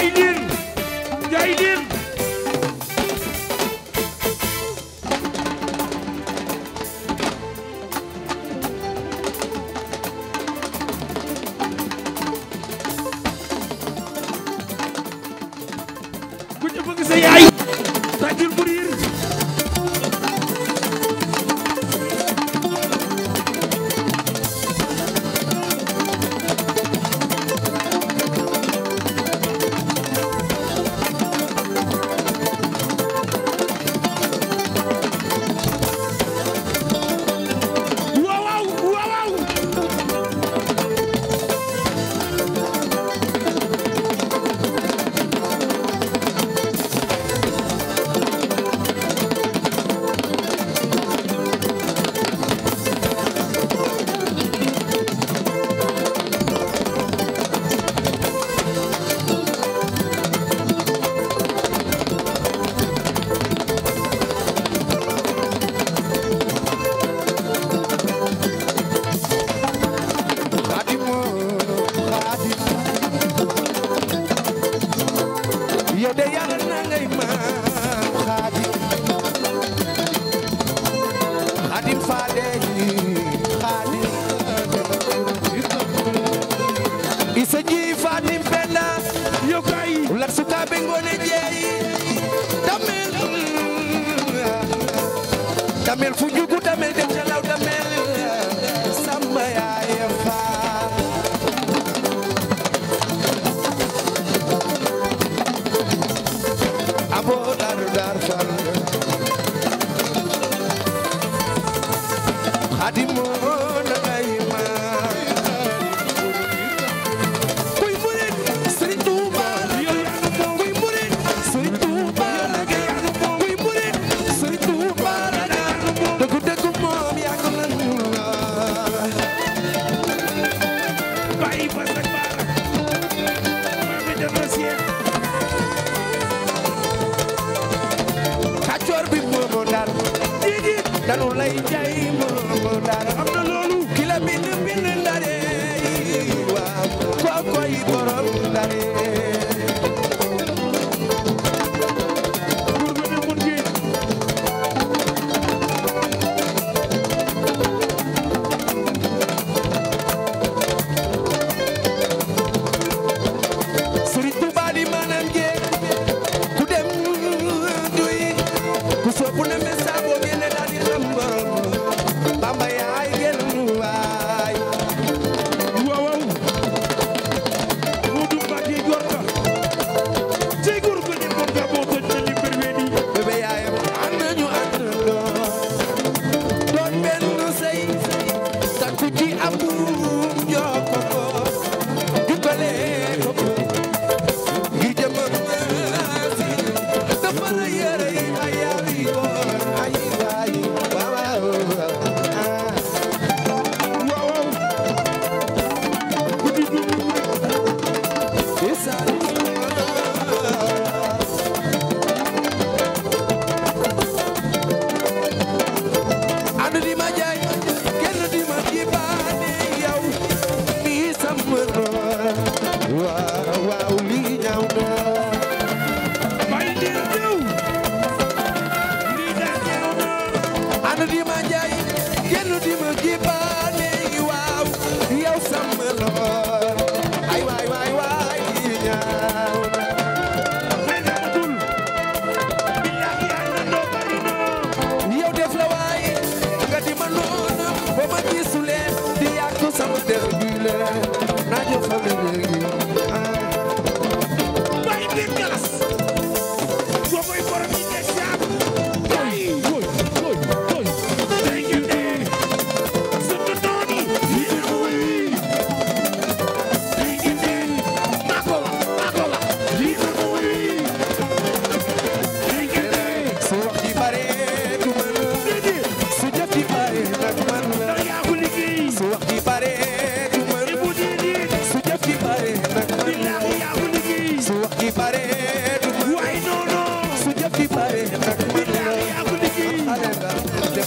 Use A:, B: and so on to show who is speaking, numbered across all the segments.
A: ay liir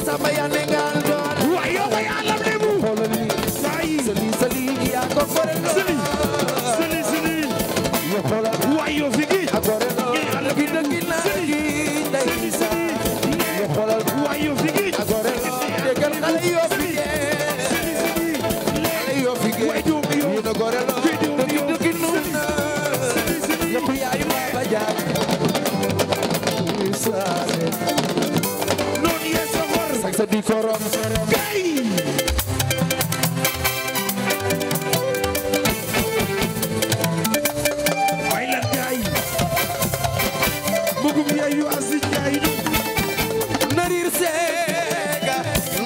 A: samba ya nengal bugum yeeyu asi jaay narir seega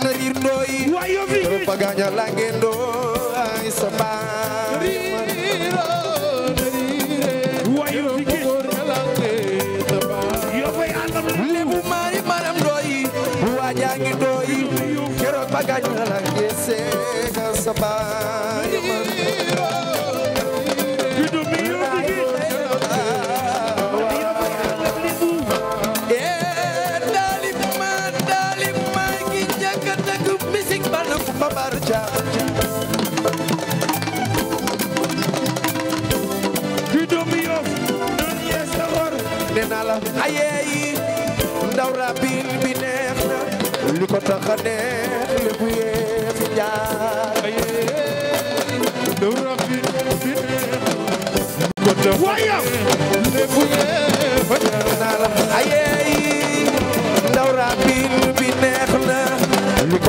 A: narir ndooy wayo fi propaganda la ngeen do ay sama riro wayo fi yo fay andam lebu mari maram ndooy waaja ngi ndooy propaganda la ngeen seega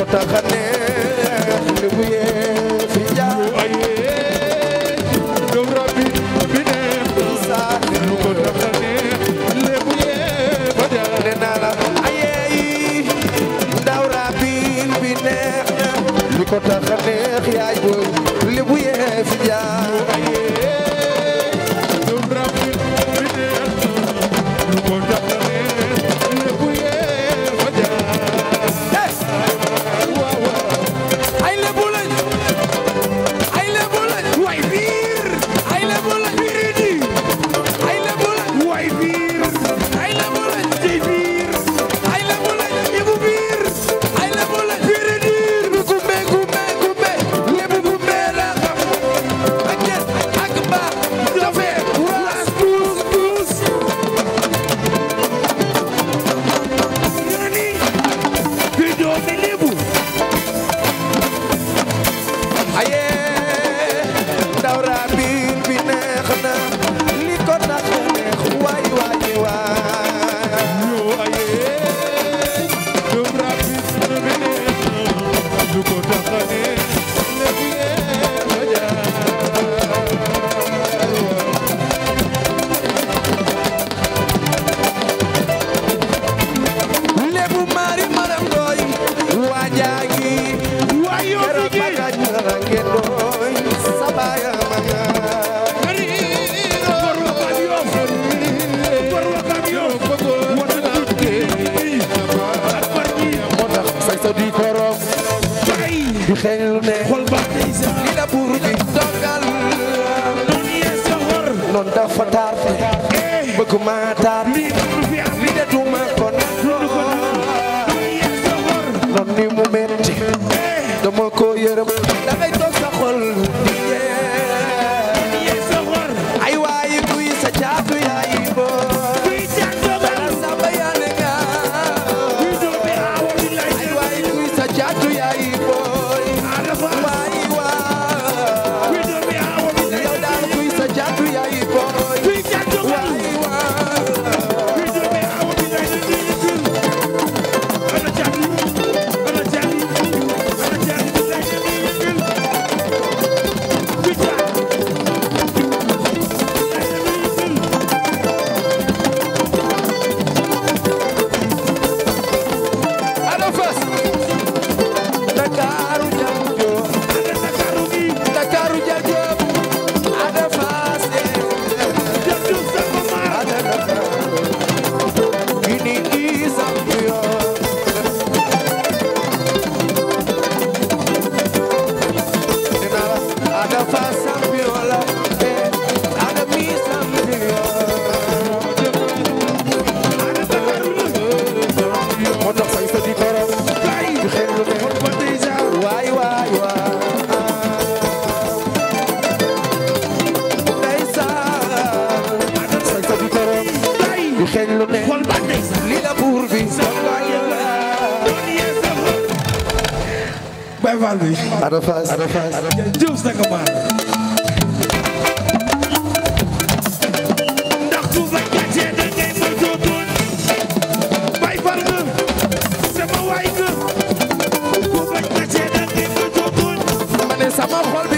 A: taxane ko tax a neex yaay booy lébu yee fi gërëm da ngay Fall bi Ada Fass Ada ko baax ndax suuf ak gàcce da ngay ma jootoon bay far nga sama waay nga suuf ak gàcce da ngay ma jootoon ma sama xol